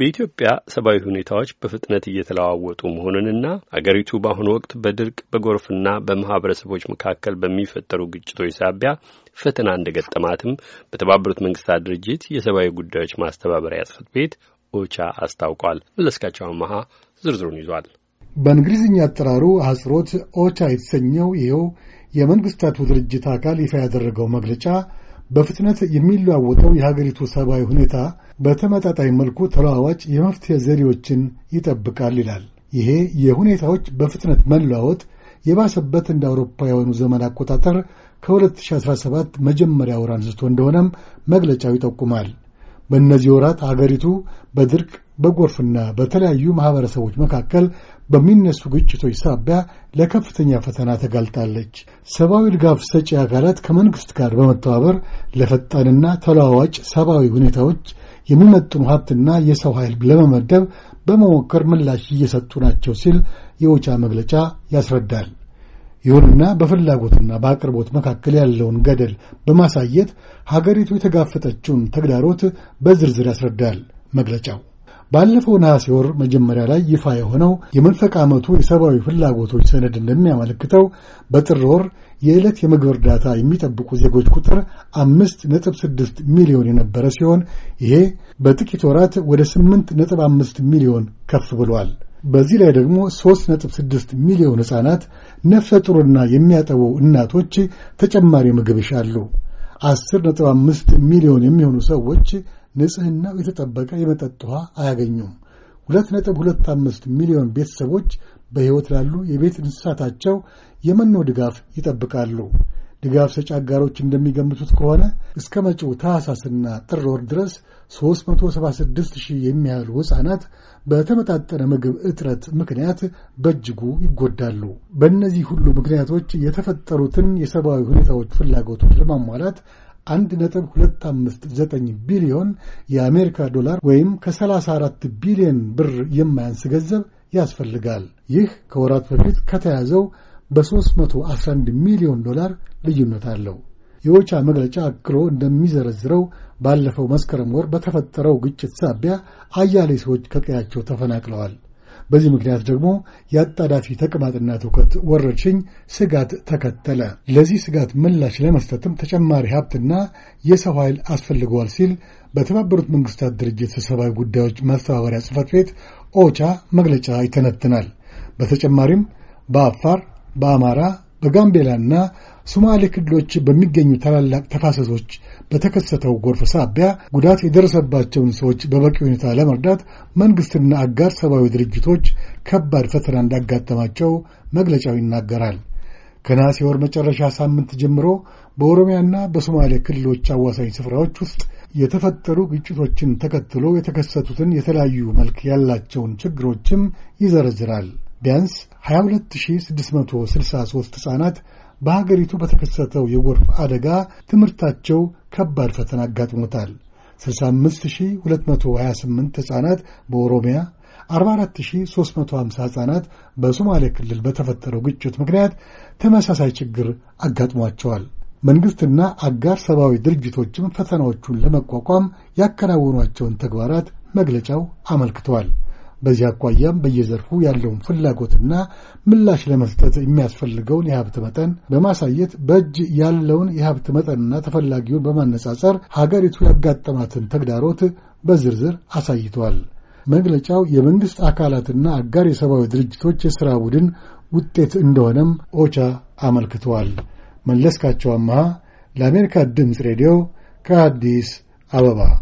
በኢትዮጵያ ሰብአዊ ሁኔታዎች በፍጥነት እየተለዋወጡ መሆኑንና አገሪቱ በአሁኑ ወቅት በድርቅ በጎርፍና በማህበረሰቦች መካከል በሚፈጠሩ ግጭቶች ሳቢያ ፈተና እንደገጠማትም በተባበሩት መንግስታት ድርጅት የሰብአዊ ጉዳዮች ማስተባበሪያ ጽህፈት ቤት ኦቻ አስታውቋል። መለስካቸው አመሃ ዝርዝሩን ይዟል። በእንግሊዝኛ አጠራሩ አህጽሮት ኦቻ የተሰኘው ይኸው የመንግስታቱ ድርጅት አካል ይፋ ያደረገው መግለጫ በፍጥነት የሚለዋወጠው የሀገሪቱ ሰብአዊ ሁኔታ በተመጣጣኝ መልኩ ተለዋዋጭ የመፍትሄ ዘዴዎችን ይጠብቃል ይላል። ይሄ የሁኔታዎች በፍጥነት መለዋወጥ የባሰበት እንደ አውሮፓውያኑ ዘመን አቆጣጠር ከ2017 መጀመሪያ ወር አንስቶ እንደሆነም መግለጫው ይጠቁማል። በእነዚህ ወራት አገሪቱ በድርቅ በጎርፍና በተለያዩ ማኅበረሰቦች መካከል በሚነሱ ግጭቶች ሳቢያ ለከፍተኛ ፈተና ተጋልጣለች። ሰብአዊ ድጋፍ ሰጪ አካላት ከመንግሥት ጋር በመተባበር ለፈጣንና ተለዋዋጭ ሰብአዊ ሁኔታዎች የሚመጥኑ ሀብትና የሰው ኃይል ለመመደብ በመሞከር ምላሽ እየሰጡ ናቸው ሲል የኦቻ መግለጫ ያስረዳል። ይሁንና በፍላጎትና በአቅርቦት መካከል ያለውን ገደል በማሳየት ሀገሪቱ የተጋፈጠችውን ተግዳሮት በዝርዝር ያስረዳል መግለጫው። ባለፈው ነሐሴ ወር መጀመሪያ ላይ ይፋ የሆነው የመንፈቅ ዓመቱ የሰብአዊ ፍላጎቶች ሰነድ እንደሚያመለክተው በጥር ወር የዕለት የምግብ እርዳታ የሚጠብቁ ዜጎች ቁጥር አምስት ነጥብ ስድስት ሚሊዮን የነበረ ሲሆን ይሄ በጥቂት ወራት ወደ ስምንት ነጥብ አምስት ሚሊዮን ከፍ ብሏል። በዚህ ላይ ደግሞ ሦስት ነጥብ ስድስት ሚሊዮን ሕፃናት፣ ነፍሰ ጡርና የሚያጠቡ እናቶች ተጨማሪ ምግብ ይሻሉ። አስር ነጥብ አምስት ሚሊዮን የሚሆኑ ሰዎች ንጽህናው የተጠበቀ የመጠጥ ውሃ አያገኙም። 225 ሚሊዮን ቤተሰቦች በሕይወት ላሉ የቤት እንስሳታቸው የመኖ ድጋፍ ይጠብቃሉ። ድጋፍ ሰጪ አጋሮች እንደሚገምቱት ከሆነ እስከ መጪው ታኅሳስና ጥር ወር ድረስ 376 ሺህ የሚያህሉ ሕፃናት በተመጣጠነ ምግብ እጥረት ምክንያት በእጅጉ ይጎዳሉ። በእነዚህ ሁሉ ምክንያቶች የተፈጠሩትን የሰብአዊ ሁኔታዎች ፍላጎቶች ለማሟላት 1259 ቢሊዮን የአሜሪካ ዶላር ወይም ከ 34 ቢሊዮን ብር የማያንስ ገንዘብ ያስፈልጋል። ይህ ከወራት በፊት ከተያዘው በ311 ሚሊዮን ዶላር ልዩነት አለው። የኦቻ መግለጫ አክሎ እንደሚዘረዝረው ባለፈው መስከረም ወር በተፈጠረው ግጭት ሳቢያ አያሌ ሰዎች ከቀያቸው ተፈናቅለዋል። በዚህ ምክንያት ደግሞ የአጣዳፊ ተቅማጥና ትውከት ወረርሽኝ ስጋት ተከተለ። ለዚህ ስጋት ምላሽ ለመስጠትም ተጨማሪ ሀብትና የሰው ኃይል አስፈልገዋል ሲል በተባበሩት መንግስታት ድርጅት ሰብአዊ ጉዳዮች ማስተባበሪያ ጽህፈት ቤት ኦቻ መግለጫ ይተነትናል። በተጨማሪም በአፋር፣ በአማራ በጋምቤላና ሶማሌ ክልሎች በሚገኙ ታላላቅ ተፋሰሶች በተከሰተው ጎርፍ ሳቢያ ጉዳት የደረሰባቸውን ሰዎች በበቂ ሁኔታ ለመርዳት መንግሥትና አጋር ሰብአዊ ድርጅቶች ከባድ ፈተና እንዳጋጠማቸው መግለጫው ይናገራል። ከነሐሴ ወር መጨረሻ ሳምንት ጀምሮ በኦሮሚያና በሶማሌ ክልሎች አዋሳኝ ስፍራዎች ውስጥ የተፈጠሩ ግጭቶችን ተከትሎ የተከሰቱትን የተለያዩ መልክ ያላቸውን ችግሮችም ይዘረዝራል። ቢያንስ 22663 ሕፃናት በሀገሪቱ በተከሰተው የጎርፍ አደጋ ትምህርታቸው ከባድ ፈተና አጋጥሞታል። 65228 ሕፃናት በኦሮሚያ፣ 44350 ሕፃናት በሶማሌ ክልል በተፈጠረው ግጭት ምክንያት ተመሳሳይ ችግር አጋጥሟቸዋል። መንግሥትና አጋር ሰብአዊ ድርጅቶችም ፈተናዎቹን ለመቋቋም ያከናወኗቸውን ተግባራት መግለጫው አመልክተዋል። በዚህ አኳያም በየዘርፉ ያለውን ፍላጎትና ምላሽ ለመስጠት የሚያስፈልገውን የሀብት መጠን በማሳየት በእጅ ያለውን የሀብት መጠንና ተፈላጊውን በማነጻጸር ሀገሪቱ ያጋጠማትን ተግዳሮት በዝርዝር አሳይቷል። መግለጫው የመንግሥት አካላትና አጋር የሰብአዊ ድርጅቶች የሥራ ቡድን ውጤት እንደሆነም ኦቻ አመልክተዋል። መለስካቸው አመሃ ለአሜሪካ ድምፅ ሬዲዮ ከአዲስ አበባ